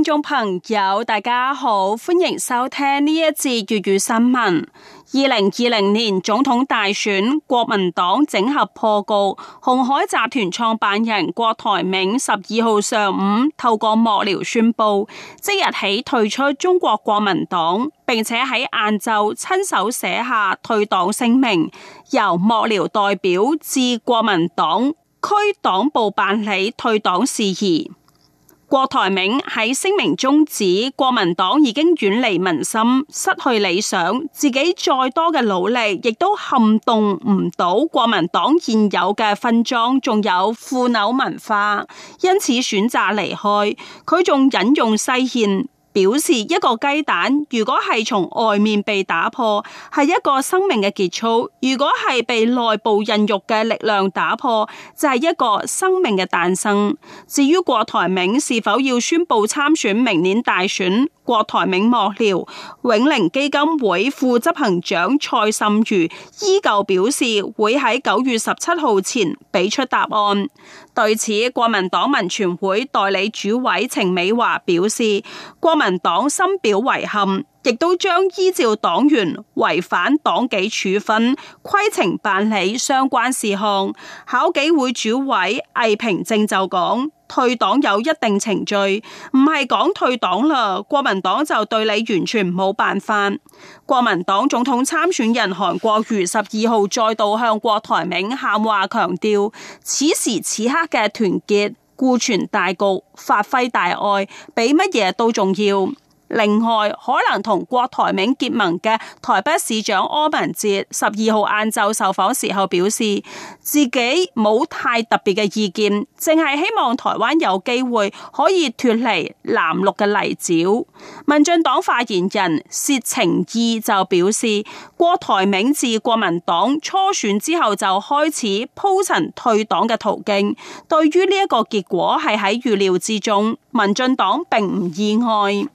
聽眾朋友，大家好，歡迎收聽呢一節粵語新聞。二零二零年總統大選，國民黨整合破局，鴻海集團創辦人郭台銘十二號上午透過幕僚宣布，即日起退出中國國民黨，並且喺晏晝親手寫下退黨聲明，由幕僚代表至國民黨區黨部辦理退黨事宜。郭台銘喺聲明中指，國民黨已經遠離民心，失去理想，自己再多嘅努力，亦都撼動唔到國民黨現有嘅分贓，仲有腐朽文化，因此選擇離開。佢仲引用西諺。表示一個雞蛋，如果係從外面被打破，係一個生命嘅結束；如果係被內部孕育嘅力量打破，就係、是、一個生命嘅誕生。至於郭台銘是否要宣布參選明年大選？郭台銘幕僚永寧基金會副執行長蔡沁如依舊表示會喺九月十七號前俾出答案。對此，國民黨文傳會代理主委程美華表示，國民黨深表遺憾。亦都將依照黨員違反黨紀處分規程辦理相關事項。考紀會主委魏平正就講：退黨有一定程序，唔係講退黨啦，國民黨就對你完全冇辦法。國民黨總統參選人韓國瑜十二號再度向郭台銘喊話，強調此時此刻嘅團結、顧全大局、發揮大愛，比乜嘢都重要。另外，可能同郭台銘結盟嘅台北市長柯文哲，十二號晏晝受訪時候表示，自己冇太特別嘅意見，淨係希望台灣有機會可以脫離藍綠嘅泥沼。民進黨發言人薛晴義就表示，郭台銘自國民黨初選之後就開始鋪陳退黨嘅途徑，對於呢一個結果係喺預料之中，民進黨並唔意外。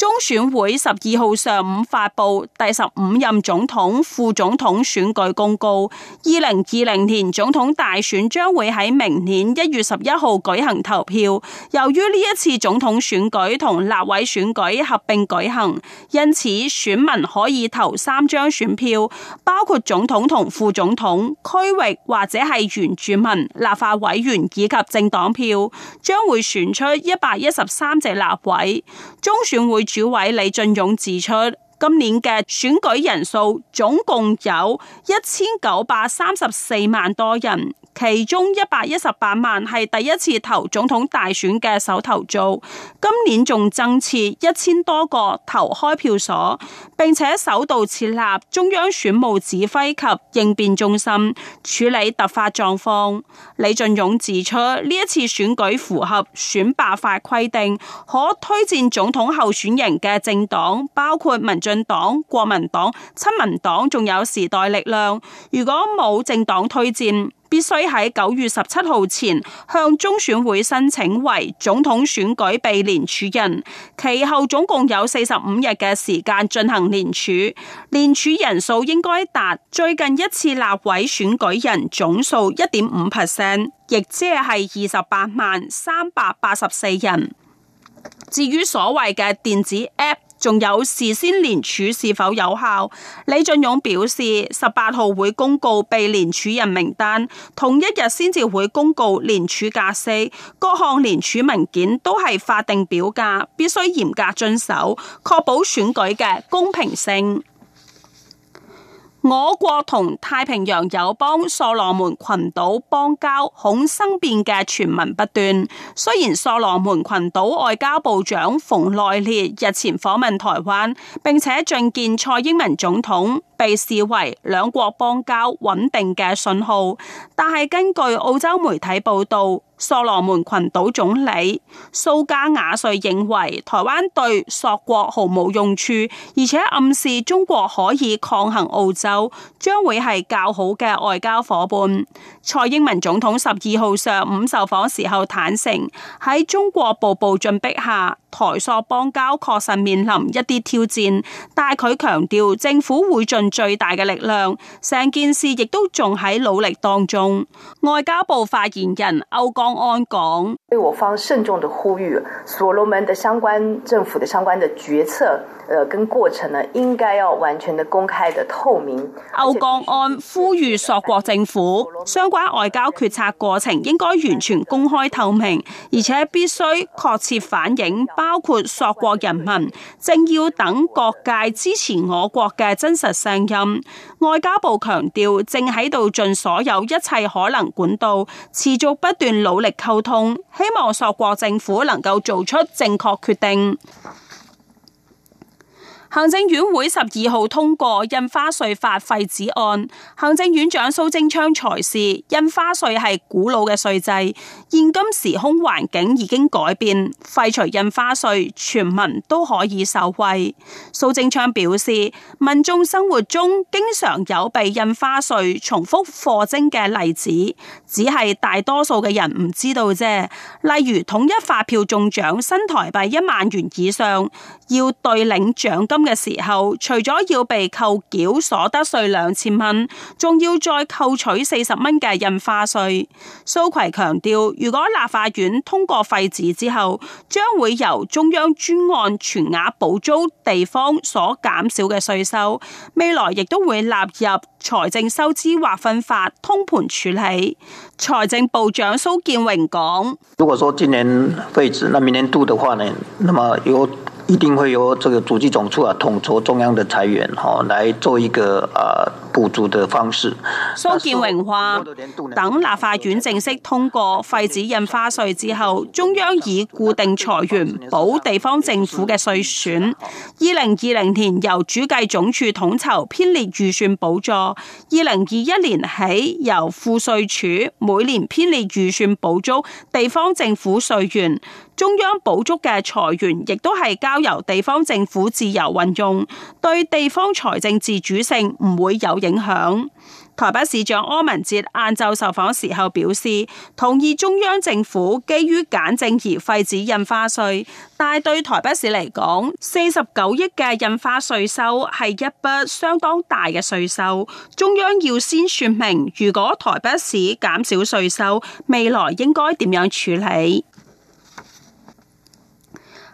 中選會十二號上午發佈第十五任總統、副總統選舉公告，二零二零年總統大選將會喺明年一月十一號舉行投票。由於呢一次總統選舉同立委選舉合併舉行，因此選民可以投三張選票，包括總統同副總統、區域或者係原住民、立法委員以及政黨票，將會選出一百一十三席立委。中選會主委李進勇指出，今年嘅選舉人數總共有一千九百三十四萬多人。其中一百一十八萬係第一次投總統大選嘅首投族，今年仲增設一千多個投開票所，並且首度設立中央選務指揮及應變中心處理突發狀況。李進勇指出，呢一次選舉符合選罷法規定，可推薦總統候選人嘅政黨包括民進黨、國民黨、親民黨，仲有時代力量。如果冇政黨推薦，必須喺九月十七號前向中選會申請為總統選舉被連署人，其後總共有四十五日嘅時間進行連署，連署人數應該達最近一次立委選舉人總數一點五 percent，亦即係二十八萬三百八十四人。至於所謂嘅電子 app。仲有事先連署是否有效？李進勇表示，十八號會公告被連署人名單，同一日先至會公告連署格式。各項連署文件都係法定表格，必須嚴格遵守，確保選舉嘅公平性。我國同太平洋友邦所羅門群島邦交恐生變嘅傳聞不斷。雖然所羅門群島外交部長馮內列日前訪問台灣，並且覲見蔡英文總統。被視為兩國邦交穩定嘅信號，但係根據澳洲媒體報道，索羅門群島總理蘇加瓦瑞認為台灣對索國毫無用處，而且暗示中國可以抗衡澳洲，將會係較好嘅外交夥伴。蔡英文總統十二號上午受訪時候坦承，喺中國步步進逼下。台索邦交確實面臨一啲挑戰，但佢強調政府會盡最大嘅力量，成件事亦都仲喺努力當中。外交部發言人歐江安講：對我方慎重的呼籲，所羅門的相關政府嘅相關嘅決策，誒，跟過程呢，應該要完全公開透明。歐江安呼籲索國政府，相關外交決策過程應該完全公開透明，而且必須確切反映。包括索國人民政要等各界支持我國嘅真實聲音。外交部強調，正喺度盡所有一切可能管道，持續不斷努力溝通，希望索國政府能夠做出正確決定。行政院會十二號通過印花稅法廢止案，行政院長蘇貞昌才是，印花稅係古老嘅稅制，現今時空環境已經改變，廢除印花稅，全民都可以受惠。蘇貞昌表示，民眾生活中經常有被印花稅重複課徵嘅例子，只係大多數嘅人唔知道啫。例如統一發票中獎新台幣一萬元以上，要兌領獎金。嘅時候，除咗要被扣繳所得稅兩千蚊，仲要再扣取四十蚊嘅印花稅。蘇揆強調，如果立法院通過廢止之後，將會由中央專案全額補足地方所減少嘅稅收，未來亦都會納入財政收支劃分法通盤處理。財政部長蘇建榮講：如果說今年廢止，那明年度嘅話呢？那麼有一定會由這個主計總處啊，統籌中央的財源哈、哦，來做一個啊。呃蘇建榮話：等立法院正式通過廢止印花稅之後，中央以固定財源補地方政府嘅稅損。二零二零年由主計總處統籌編列預算補助，二零二一年起由賦稅處每年編列預算補足地方政府稅源。中央補足嘅財源亦都係交由地方政府自由運用，對地方財政自主性唔會有影響台北市長柯文哲晏晝受訪時候表示，同意中央政府基於簡政而廢止印花稅，但係對台北市嚟講，四十九億嘅印花稅收係一筆相當大嘅稅收，中央要先說明，如果台北市減少稅收，未來應該點樣處理。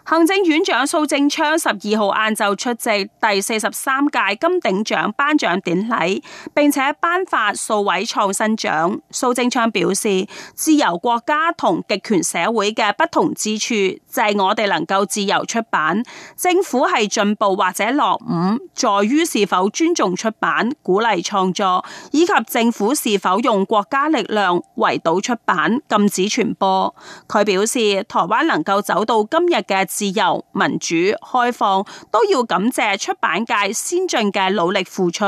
行政院長蘇貞昌十二號晏晝出席第四十三屆金鼎獎頒獎典禮，並且頒發數位創新獎。蘇貞昌表示，自由國家同極權社會嘅不同之處就係我哋能夠自由出版，政府係進步或者落伍，在於是否尊重出版、鼓勵創作，以及政府是否用國家力量圍堵出版、禁止傳播。佢表示，台灣能夠走到今日嘅。自由、民主、開放都要感謝出版界先進嘅努力付出。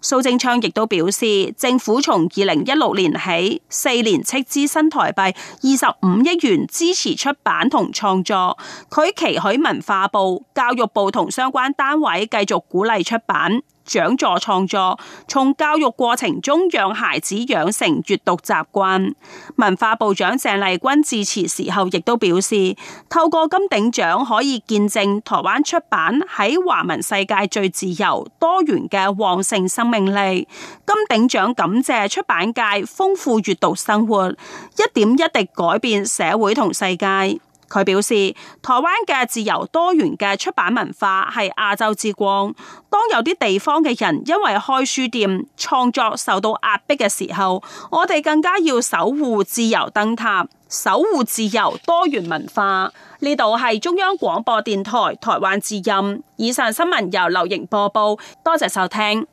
蘇貞昌亦都表示，政府從二零一六年起四年斥資新台幣二十五億元支持出版同創作。佢期許文化部、教育部同相關單位繼續鼓勵出版。獎助創作，從教育過程中讓孩子養成閱讀習慣。文化部長鄭麗君致辭時候亦都表示，透過金鼎獎可以見證台灣出版喺華文世界最自由多元嘅旺盛生命力。金鼎獎感謝出版界豐富閱讀生活，一點一滴改變社會同世界。佢表示，台灣嘅自由多元嘅出版文化係亞洲之光。當有啲地方嘅人因為開書店、創作受到壓迫嘅時候，我哋更加要守護自由燈塔，守護自由多元文化。呢度係中央廣播電台台灣節目台灣之音，以上新聞由劉瑩播報，多謝收聽。